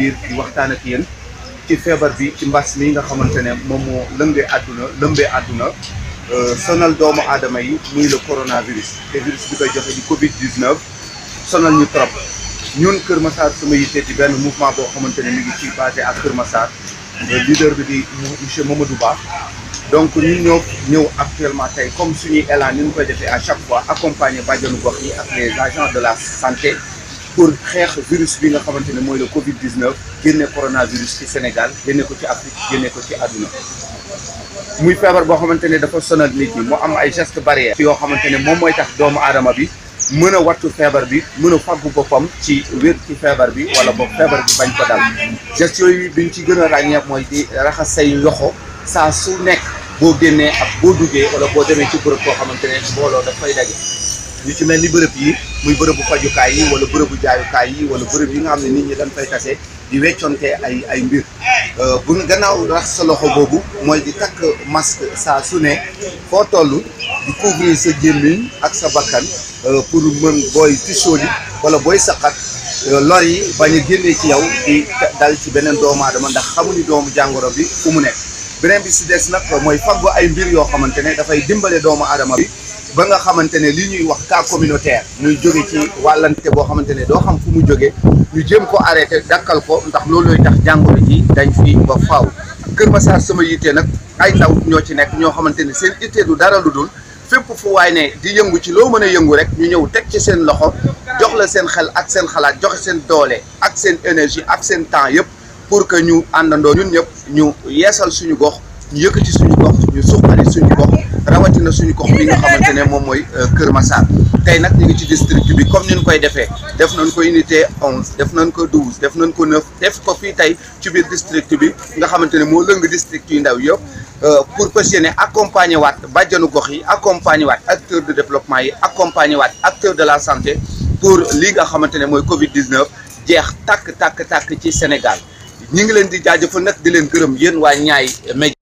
biir di waxtaan ak yéen ci feebar bi ci mbas mi nga xamante ne moom moo lëmbee àdduna lëmbee àdduna euh, sonal doomu aadama yi muy le coronavirus te virus bi koy joxe di Covid 19 sonal ñu trop ñun Kër Massar sama yitte ci benn mouvement boo xamante ne mi ngi ci basé ak Kër Massar leader bi di ma Mamadou Ba. donc ñu ñoo ñëw actuellement tey comme suñuy élan ni ñu koy defee à chaque fois accompagner bàjjanu gox yi ak les agents de la santé. pour xeex virus bi nga xamante ne mooy la Covid 19 génne coronavirus ci Sénégal génne ko ci Afrique génne ko ci àdduna muy feebar boo xamante ne dafa sonal nit ñi mu am ay gestes barrières. yoo xamante ne moom mooy tax doomu aadama bi mën a wattu feebar bi mën a faggu boppam ci wér ci feebar bi wala boog feebar bi bañ ko dal gestes yooyu biñ ci gën a ràññee mooy di raxas say loxo saa su nekk boo génnee ak boo duggee wala boo demee ci bërëb boo xamante ne mbooloo daf fay daje. yu ci mel ni bërëb yi muy bërëbu fajukaay yi wala bërëbu jaayukaay yi wala bërëb yi nga xam ne nit ñi dañ fay tase di weccoonte ay ay mbir euh, bu gannaaw rax sa loxo boobu mooy di takk masque saa su ne foo toll di couvrir sa gémmiñ ak sa bakkan euh, pour mën booy tisooli wala booy saqat euh, lor yi bañ a génnee ci yow di dal ci beneen doomu aadama ndax xamuñu doomu jàngoro bi fu mu ne beneen bi si des nag mooy faggu ay mbir yoo xamante ne dafay dimbale doomu aadama bi ba nga xamante ne li ñuy wax cas communautaire muy jóge ci wàllante boo xamante ne doo xam fu mu jóge ñu jéem ko arrêté dakkal ko ndax loolooy tax jàngoro ji dañ fii ba faaw Kër Massar sama yitte nag ay ndaw ñoo ci nekk ñoo xamante ne seen yitte du dara lu dul fépp fu waay ne di yëngu ci loo mën a yëngu rek ñu ñëw teg ci seen loxo jox la seen xel ak seen xalaat joxe seen doole ak seen énergie ak seen temps yëpp pour que ñu àndandoo ñun ñëpp ñu yeesal suñu gox ñu yëkkati suñu gox ñu suqali suñu gox na suñu gox bi nga xamante ne moom mooy euh, Kër Massar tey nag ñu ngi ci district bi comme ni nu koy defee def nañ ko unité onze def nañ ko douze def nañ ko neuf def ko tey ci biir district bi nga xamante ne moo lëng district yu ndaw yëpp euh, pour questionner accompagner waat bàjjanu gox yi accompagner waat acteur de développement yi accompagner waat acteur de la santé pour li nga xamante ne mooy Covid 19 jeex tàkk tàkk tàkk ci Sénégal ñi ngi leen di jaajëfal nag di leen gërëm yéen waa ñaay